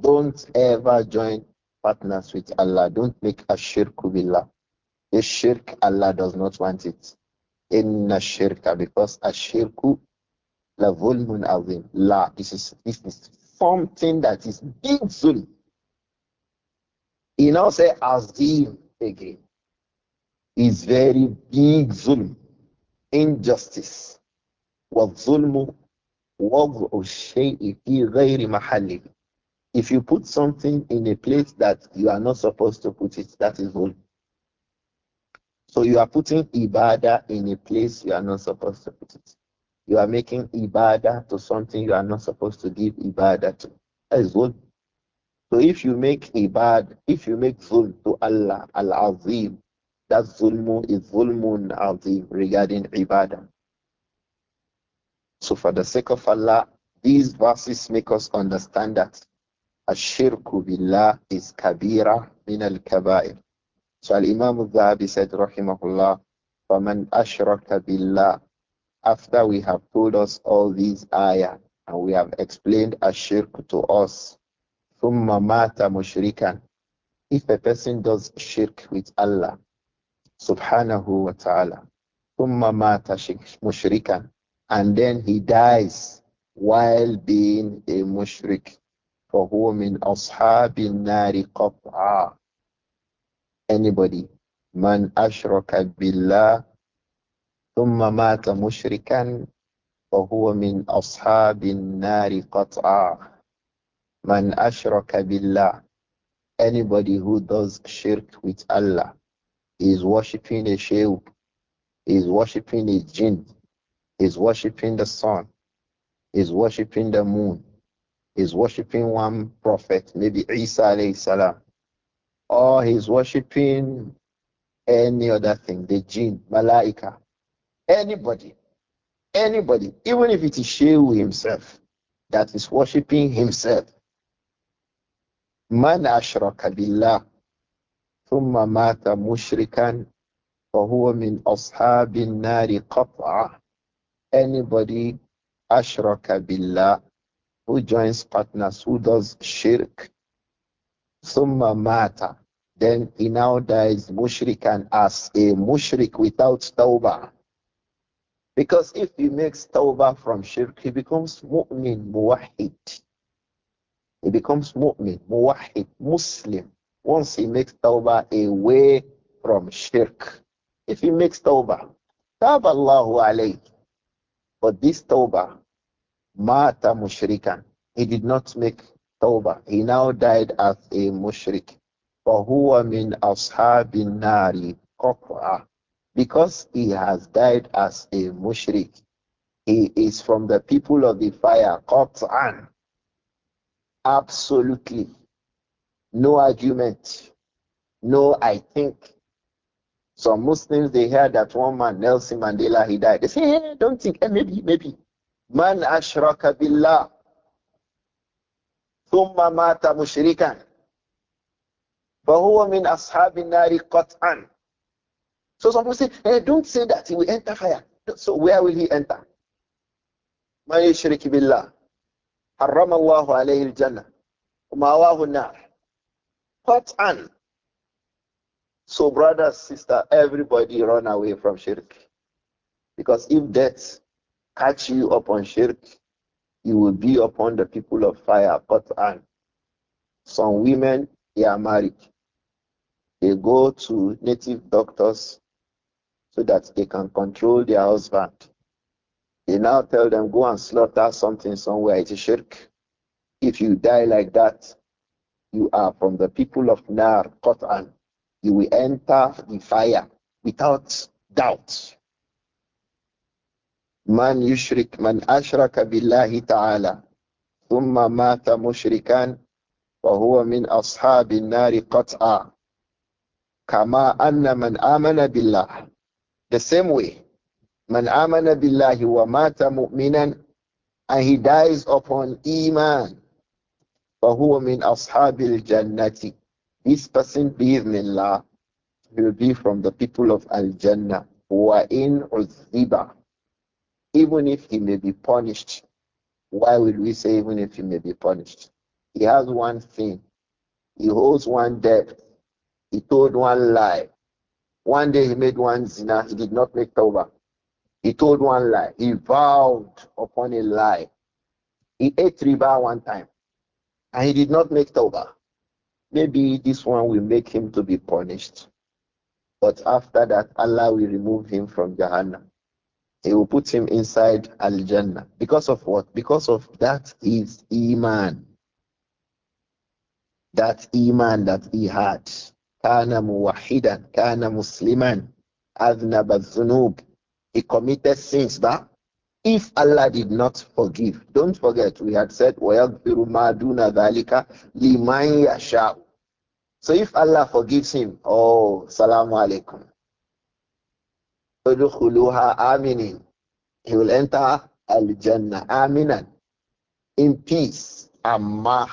Speaker 1: Don't ever join partners with Allah. Don't make a shirk billah. A shirk, Allah does not want it. Inna shirka, because a shirku la zulmun azim. La, this is, this is something that is big zulm. He now say azim again is very big zulm, injustice. والظلم وضع الشيء في غير محله. If you put something in a place that you are not supposed to put it, that is zulm. So you are putting ibadah in a place you are not supposed to put it. You are making ibadah to something you are not supposed to give ibadah to. That is zulm. So if you make ibad, if you make zulm to Allah, Al-Azim, that zulmu is zulmun azim regarding ibadah. So for the sake of Allah, these verses make us understand that ashirku billah is kabira min al-kabair. So Al-Imam al-Dhahabi said, rahimahullah, فَمَنْ أَشْرَكَ بِاللَّهِ After we have told us all these ayah, and we have explained ashirk to us, ثُمَّ مَاتَ مُشْرِكًا If a person does shirk with Allah, subhanahu wa ta'ala. Thumma mata mushrikan. And then he dies while being a mushrik. For in ashab أَصْحَابِ nari qat'a? Anybody, man ashraka billah, ثُمَّ مَاتَ مُشْرِكًا فَهُوَ مِنْ أَصْحَابِ nari qat'a Man ashraka billah. Anybody who does shirk with Allah, is worshipping a shehu, is worshipping a jinn, is worshipping the sun, is worshipping the moon, is worshipping one prophet, maybe Isa alayhi salam, or he's worshipping any other thing, the jinn, malaika, anybody, anybody, even if it is Shehu himself that is worshipping himself. Man ashraka billah ثم مات مشركا فهو من أصحاب النار قطعة anybody أشرك بالله who joins partners who does shirk ثم مات then he now dies mushrikan as a mushrik without tawbah because if he makes tawbah from shirk he becomes mu'min muwahhid he becomes mu'min muwahhid muslim once he makes tawbah away from shirk. If he makes tawbah, taballahu alayhi. But this tawbah, mata mushrikan. He did not make tawbah. He now died as a mushrik. فَهُوَ مِنْ أَصْحَابِ النَّارِ قَطْعًا Because he has died as a mushrik. He is from the people of the fire, قَطْعًا Absolutely. No argument. No, I think. Some Muslims, they hear that one man, Nelson Mandela, he died. They say, hey, eh, don't think, hey, eh, maybe, maybe. Man ashraka billah. thumma mata مشركا فهو min أصحاب nari qat'an. So some people say, hey, eh, don't say that, he will enter fire. So where will he enter? من يشرك بالله حرم الله عليه الجنة ومأواه النار Qat'an. So, brothers, sister, everybody run away from shirk. Because if death catch you upon shirk, you will be upon the people of fire, Qat'an. Some women, they are married. They go to native doctors so that they can control their husband. They now tell them, go and slaughter something somewhere. It's a shirk. If you die like that, you are from the people of Nar Qat'an. You will enter the fire without doubt. Man yushrik man ashraka billahi ta'ala thumma mata mushrikan wa huwa min ashabin nar qat'a kama anna man amana billah the same way man amana billahi wa mata mu'minan and he dies upon iman فَهُوَ مِنْ أَصْحَابِ الْجَنَّةِ This person, بِإِذْنِ will be from the people of Al-Jannah. وَإِنْ عُذِّبَ Even if he may be punished. Why would we say even if he may be punished? He has one thing. He holds one debt. He told one lie. One day he made one zina. He did not make tawbah. He told one lie. He vowed upon a lie. He ate riba one time and he did not make tawbah. Maybe this one will make him to be punished. But after that, Allah will remove him from Jahannam. He will put him inside Al Jannah. Because of what? Because of that is Iman. That Iman that he had. Kana muwahidan, kana musliman, aznaba zunub. He committed sins, but if Allah did not forgive, don't forget we had said وَيَغْفِرُ مَا دُونَ So if Allah forgives him, oh, salamu alaikum. He will enter al-Jannah aminan in peace. Amma.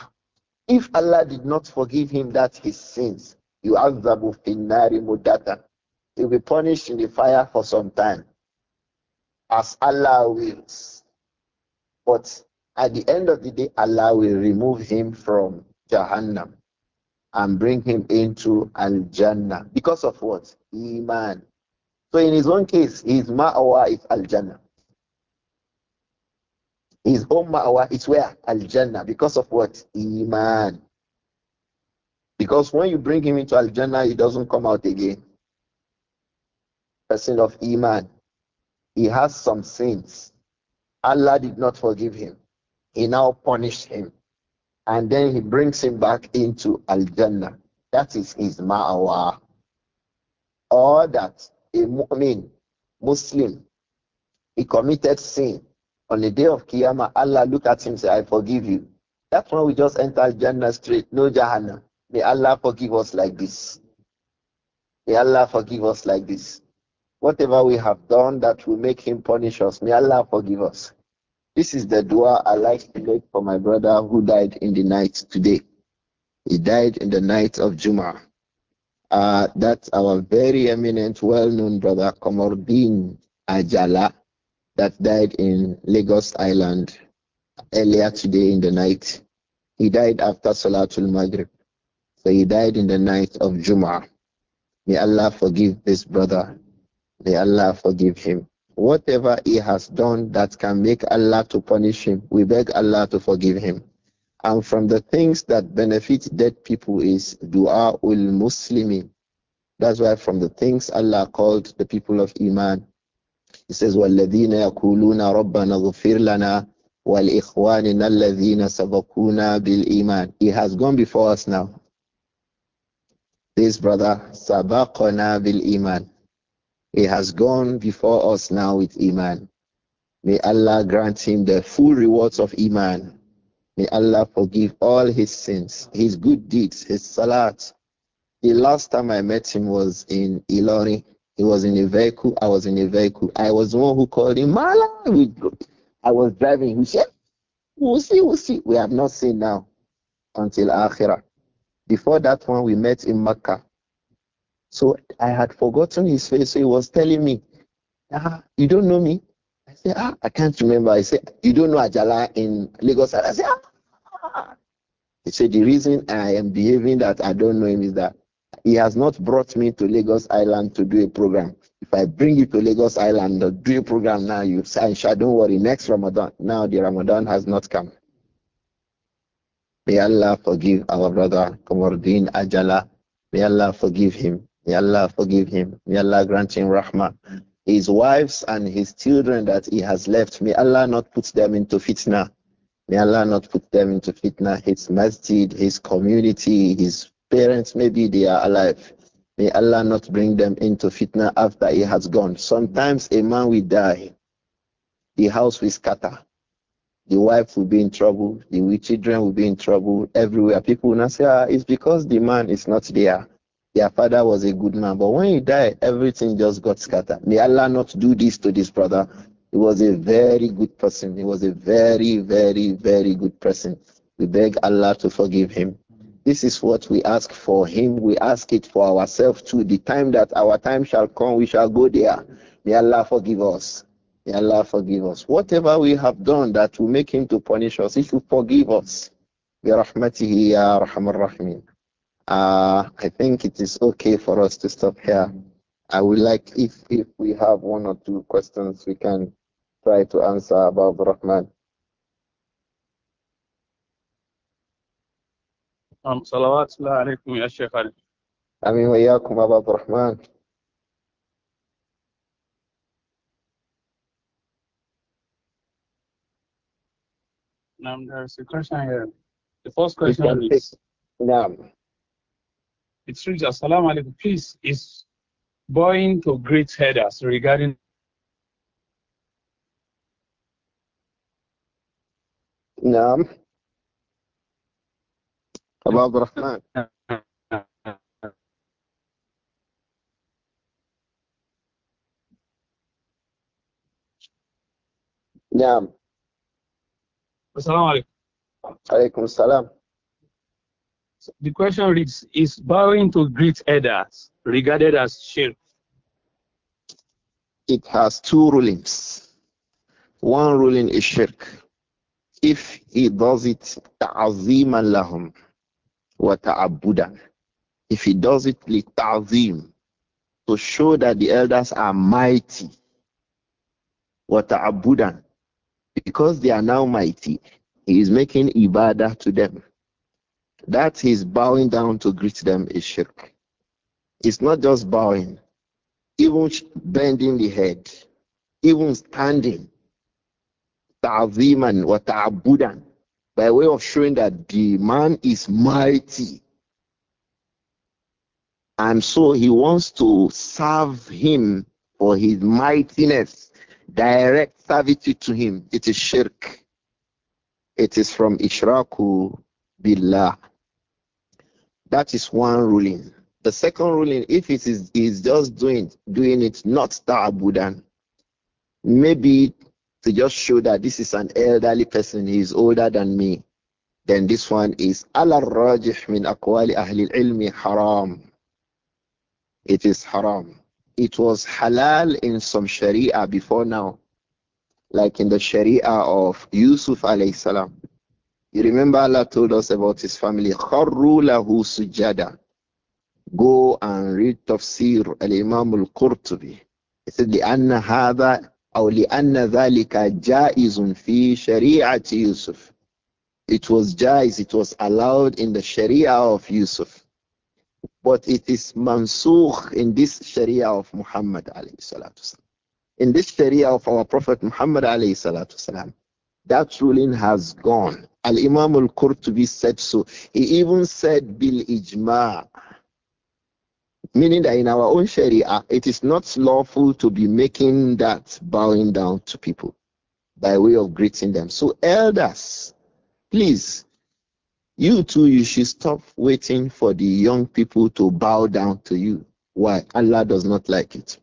Speaker 1: If Allah did not forgive him that his sins, you yu'adhabu finnari mudata. He'll be punished in the fire for some time as Allah wills. But at the end of the day, Allah will remove him from Jahannam and bring him into Al Jannah. Because of what? Iman. So in his own case, his ma'awa is Al Jannah. His own ma'awa is where? Al Jannah. Because of what? Iman. Because when you bring him into Al Jannah, he doesn't come out again. Person of Iman. He has some sins. Allah did not forgive him. He now punished him. And then he brings him back into Al Jannah. That is his ma'awa. Or that a mu'min, Muslim, he committed sin. On the day of Qiyamah, Allah look at him say, I forgive you. That's why we just enter Jannah straight, no Jahannam. May Allah forgive us like this. May Allah forgive us like this. Whatever we have done that will make him punish us, may Allah forgive us. This is the dua I like to make for my brother who died in the night today. He died in the night of Jum'ah. Uh, that's our very eminent, well-known brother, Komordin Ajala, that died in Lagos Island earlier today in the night. He died after Salatul Maghrib. So he died in the night of Jum'ah. May Allah forgive this brother May Allah forgive him. Whatever he has done that can make Allah to punish him, we beg Allah to forgive him. And from the things that benefit dead people is dua ul muslimin. That's why from the things Allah called the people of Iman, He says, وَالَّذِينَ يَقُولُونَ رَبَّنَا اغْفِرْ لَنَا وَالْإِخْوَانِنَا الَّذِينَ سَبَقُونَا بِالْإِيمَانِ He has gone before us now. This brother, bil بِالْإِيمَانِ he has gone before us now with Iman. May Allah grant him the full rewards of Iman. May Allah forgive all his sins, his good deeds, his salat. The last time I met him was in Ilori. He was in a vehicle. I was in a vehicle. I was the one who called him. Mala, I was driving. He said, We'll see, we'll see. We have not seen now until Akhirah. Before that one, we met in Makkah. So I had forgotten his face. So he was telling me, ah, you don't know me? I said, ah, I can't remember. I said, you don't know Ajala in Lagos? I said, ah, ah, ah. He said, the reason I am behaving that I don't know him is that he has not brought me to Lagos Island to do a program. If I bring you to Lagos Island to do a program now, you say, don't worry, next Ramadan. Now the Ramadan has not come. May Allah forgive our brother Komoruddin Ajala. May Allah forgive him. May Allah forgive him. May Allah grant him rahmah. His wives and his children that he has left, may Allah not put them into fitna. May Allah not put them into fitna. His masjid, his community, his parents, maybe they are alive. May Allah not bring them into fitna after he has gone. Sometimes a man will die, the house will scatter, the wife will be in trouble, the children will be in trouble everywhere. People will not say, ah, it's because the man is not there. Their father was a good man, but when he died, everything just got scattered. May Allah not do this to this brother. He was a very good person. He was a very, very, very good person. We beg Allah to forgive him. This is what we ask for him. We ask it for ourselves too. The time that our time shall come, we shall go there. May Allah forgive us. May Allah forgive us. Whatever we have done that will make him to punish us, He should forgive us. برحمته ya أرحم الراحمين uh, I think it is okay for us to stop here. I would like, if if we have one or two questions, we can try to answer about Rahman. Um, صلوات a'laikum ya يا شيخ علي. أمين وإياكم أبا عبد الرحمن. there's a question here. The first question is. Take, Now it reads Assalamu alaikum, please, is going to great headers regarding نعم أبو عبد الرحمن نعم السلام the question reads Is bowing to greet elders regarded as shirk? It has two rulings. One ruling is shirk. If he does it ta'aziman lahum wa ta'abudan. If he does it li ta'zim, to show that the elders are mighty wa ta'abudan, because they are now mighty, he is making ibadah to them that he's bowing down to greet them is shirk. It's not just bowing, even bending the head, even standing, by way of showing that the man is mighty. And so he wants to serve him for his mightiness, direct servitude to him. It is shirk. It is from Ishraku Billah. That is one ruling. The second ruling, if it is, is just doing doing it not tabudan, maybe to just show that this is an elderly person, he is older than me, then this one is ala rajih min akwali ahli ilmi haram. It is haram. It was halal in some sharia before now, like in the sharia of Yusuf alayhi salam you remember Allah told us about his family. sujada. Go and read Tafsir al-Imam al-Qurtubi. He said, لأن هذا أو لأن ذلك جائز في شريعة يوسف. It was jais, it was allowed in the Sharia of Yusuf. But it is mansukh in this Sharia of Muhammad alayhi salatu In this Sharia of our Prophet Muhammad alayhi salatu that ruling has gone. Al Imam al Qurtubi said so. He even said bil ijma', meaning that in our own Sharia, it is not lawful to be making that bowing down to people by way of greeting them. So, elders, please, you too, you should stop waiting for the young people to bow down to you. Why? Allah does not like it.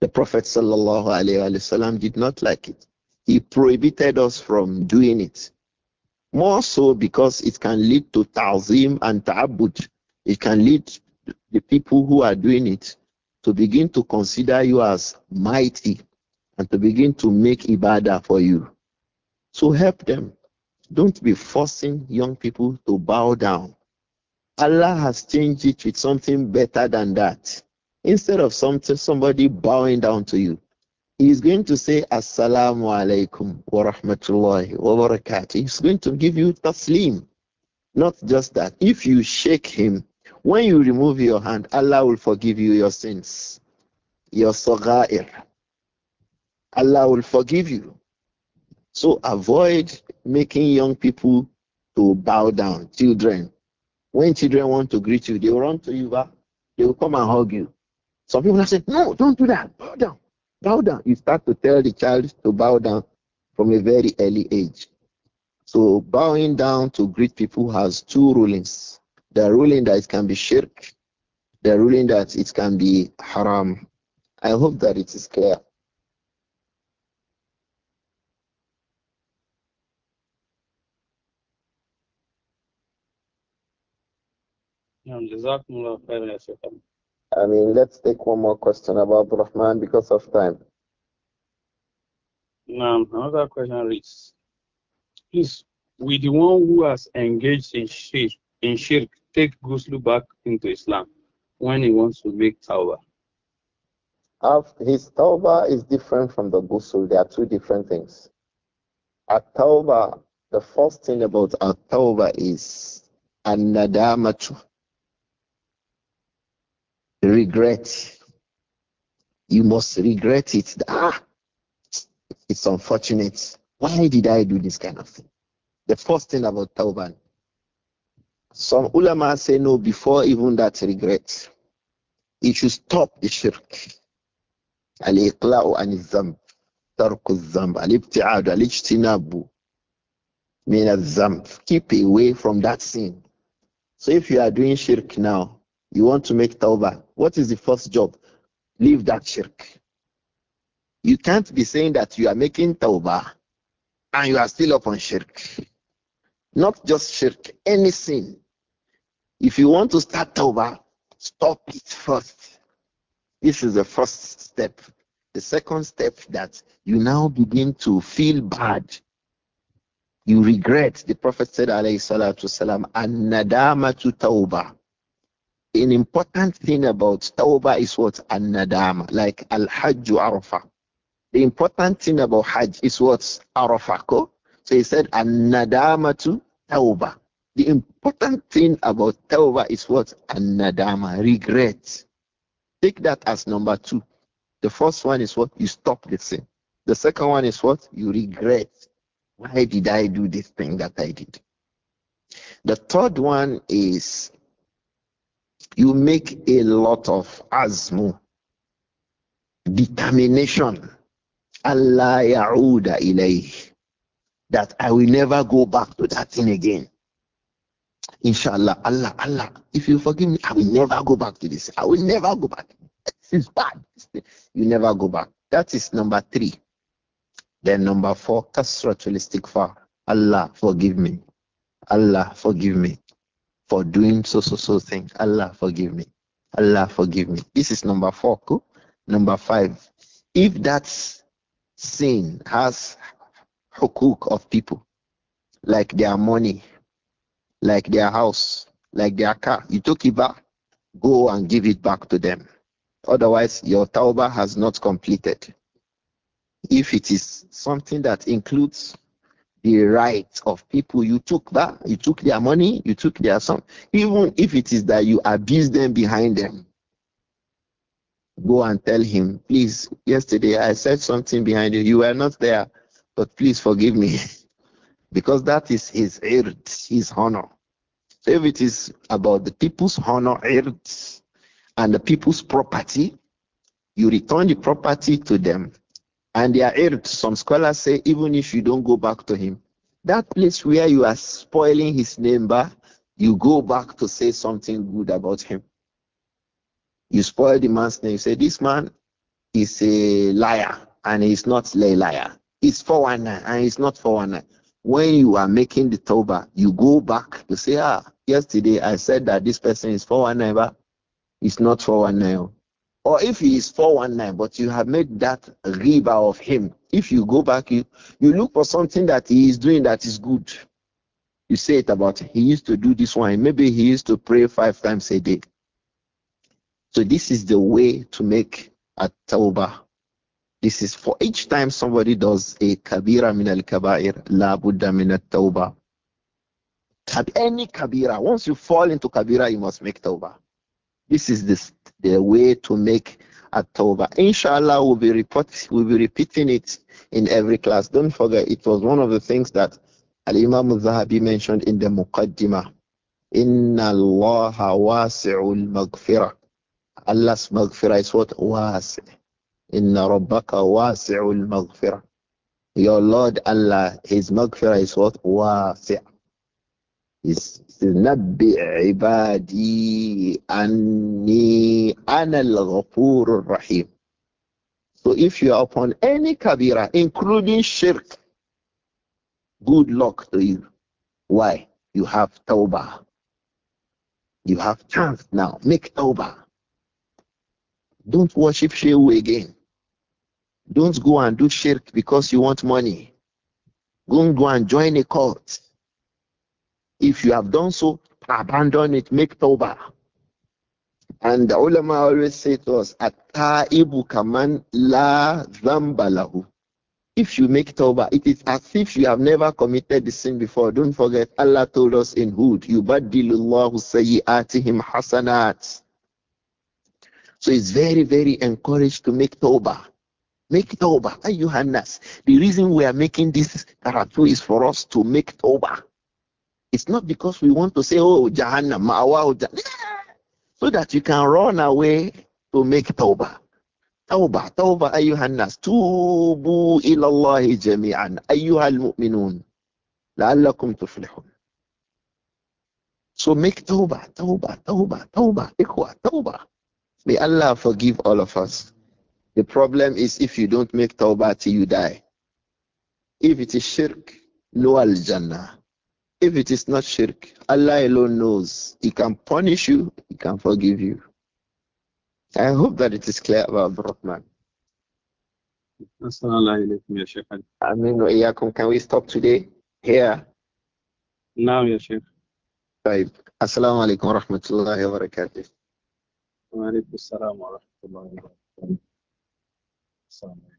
Speaker 1: The Prophet sallallahu alaihi wasallam did not like it. He prohibited us from doing it. More so because it can lead to ta'zim and ta'abbud. It can lead the people who are doing it to begin to consider you as mighty and to begin to make ibadah for you. So help them. Don't be forcing young people to bow down. Allah has changed it with something better than that. Instead of something, somebody bowing down to you, He's going to say Assalamu alaikum wa rahmatullahi wa barakatuh. He's going to give you taslim. Not just that. If you shake him, when you remove your hand, Allah will forgive you your sins, your saghair. Allah will forgive you. So avoid making young people to bow down. Children, when children want to greet you, they will run to you, they will come and hug you. Some people are saying, No, don't do that, bow down. Bow down. You start to tell the child to bow down from a very early age. So bowing down to greet people has two rulings. The ruling that it can be shirk, the ruling that it can be haram. I hope that it is clear. I mean, let's take one more question about Rahman because of time. Now, another question Rees. please, will the one who has engaged in shirk, in shirk take Ghusl back into Islam when he wants to make tawbah? His tawbah is different from the Ghusl. They are two different things. At tawbah, the first thing about at tawbah is an nadamatu regret. You must regret it. Ah, it's unfortunate. Why did I do this kind of thing? The first thing about Tauban. Some ulama say no before even that regret. It should stop the shirk. الإقلاع عن الذنب ترك الذنب الابتعاد الاجتناب من الذنب keep away from that sin so if you are doing shirk now you want to make tawbah. What is the first job? Leave that shirk. You can't be saying that you are making tawbah and you are still up on shirk. Not just shirk, any sin. If you want to start tawbah, stop it first. This is the first step. The second step that you now begin to feel bad you regret. The Prophet said, alayhi salatu salam, an to tawbah an important thing about tawbah is what? An nadama, like al hajju arafah. The important thing about hajj is what? Arafah. So he said, an nadama to tawbah. The important thing about tawbah is what? An nadama, regret. Take that as number two. The first one is what? You stop the sin. The second one is what? You regret. Why did I do this thing that I did? The third one is you make a lot of azmu, determination. Allah ya'uda ilayh. That I will never go back to that thing again. Inshallah, Allah, Allah, if you forgive me, I will never go back to this. I will never go back. This is bad. You never go back. That is number three. Then number four, kasratul istighfar. Allah, forgive me. Allah, forgive me for doing so, so, so thing. Allah forgive me. Allah forgive me. This is number four. Cool? Number five, if that sin has hukuk of people, like their money, like their house, like their car, you took it back, go and give it back to them. Otherwise, your tawbah has not completed. If it is something that includes the rights of people. You took that, you took their money, you took their son. even if it is that you abuse them behind them. Go and tell him, please. Yesterday I said something behind you. You were not there, but please forgive me, (laughs) because that is his irt, his honor. So if it is about the people's honor, irt, and the people's property, you return the property to them and they are ird. Some scholars say even if you don't go back to him, that place where you are spoiling his name, bah, you go back to say something good about him. You spoil the man's name. You say this man is a liar and he's not a liar. He's 419 and he's not 419. When you are making the Toba, you go back to say, ah, yesterday I said that this person is 419, but it's not 419. Or if he is 419, but you have made that riba of him, if you go back, you, you look for something that he is doing that is good. You say it about he used to do this one, maybe he used to pray five times a day. So this is the way to make a tawbah. This is for each time somebody does a kabira min al kabair, la buddha min al tawbah. Any kabira, once you fall into kabira, you must make tawbah. This is this the way to make a tawbah. Inshallah, we'll be, report, we'll be repeating it in every class. Don't forget, it was one of the things that Al Imam al Zahabi mentioned in the Muqaddimah. Inna Allah wasi'ul maghfirah. Allah's maghfira is what? Wasi'. Inna rabbaka wasi'ul maghfirah. Your Lord Allah, His maghfira is what? Wasi' is نبئ عبادي أني أنا الغفور الرحيم So if you are upon any kabira, including shirk, good luck to you. Why? You have tawbah. You have chance now. Make tawbah. Don't worship Shehu again. Don't go and do shirk because you want money. Don't go and join a cult. If you have done so, abandon it, make tawbah. And the ulama always say to us, at kaman la zambalahu. If you make tawbah, it is as if you have never committed the sin before. Don't forget, Allah told us in Hud, Yubadilullahu sayyi'atihim hasanat. So it's very, very encouraged to make tawbah. Make tawbah, ayyuhannas. The reason we are making this tarawih is for us to make tawbah. It's not because we want to say, oh, Jahannam, Ma'awa, oh, Jahannam. (laughs) so that you can run away to make tawbah. Tawbah, tawbah, ayuhan nas. Tubu ilallahi jami'an, ayuhal mu'minun. لعلكم tuflihun. So make tawbah, tawbah, tawbah, tawbah, ikhwa, tawbah. May Allah forgive all of us. The problem is if you don't make tawbah till you die. If it is shirk, no al-jannah if it is not shirk, Allah alone knows. He can punish you, he can forgive you. I hope that it is clear about Brahman. I mean, can we stop today here? Now, yes, sir. Right. Assalamu alaikum wa rahmatullahi wa barakatuh. rahmatullahi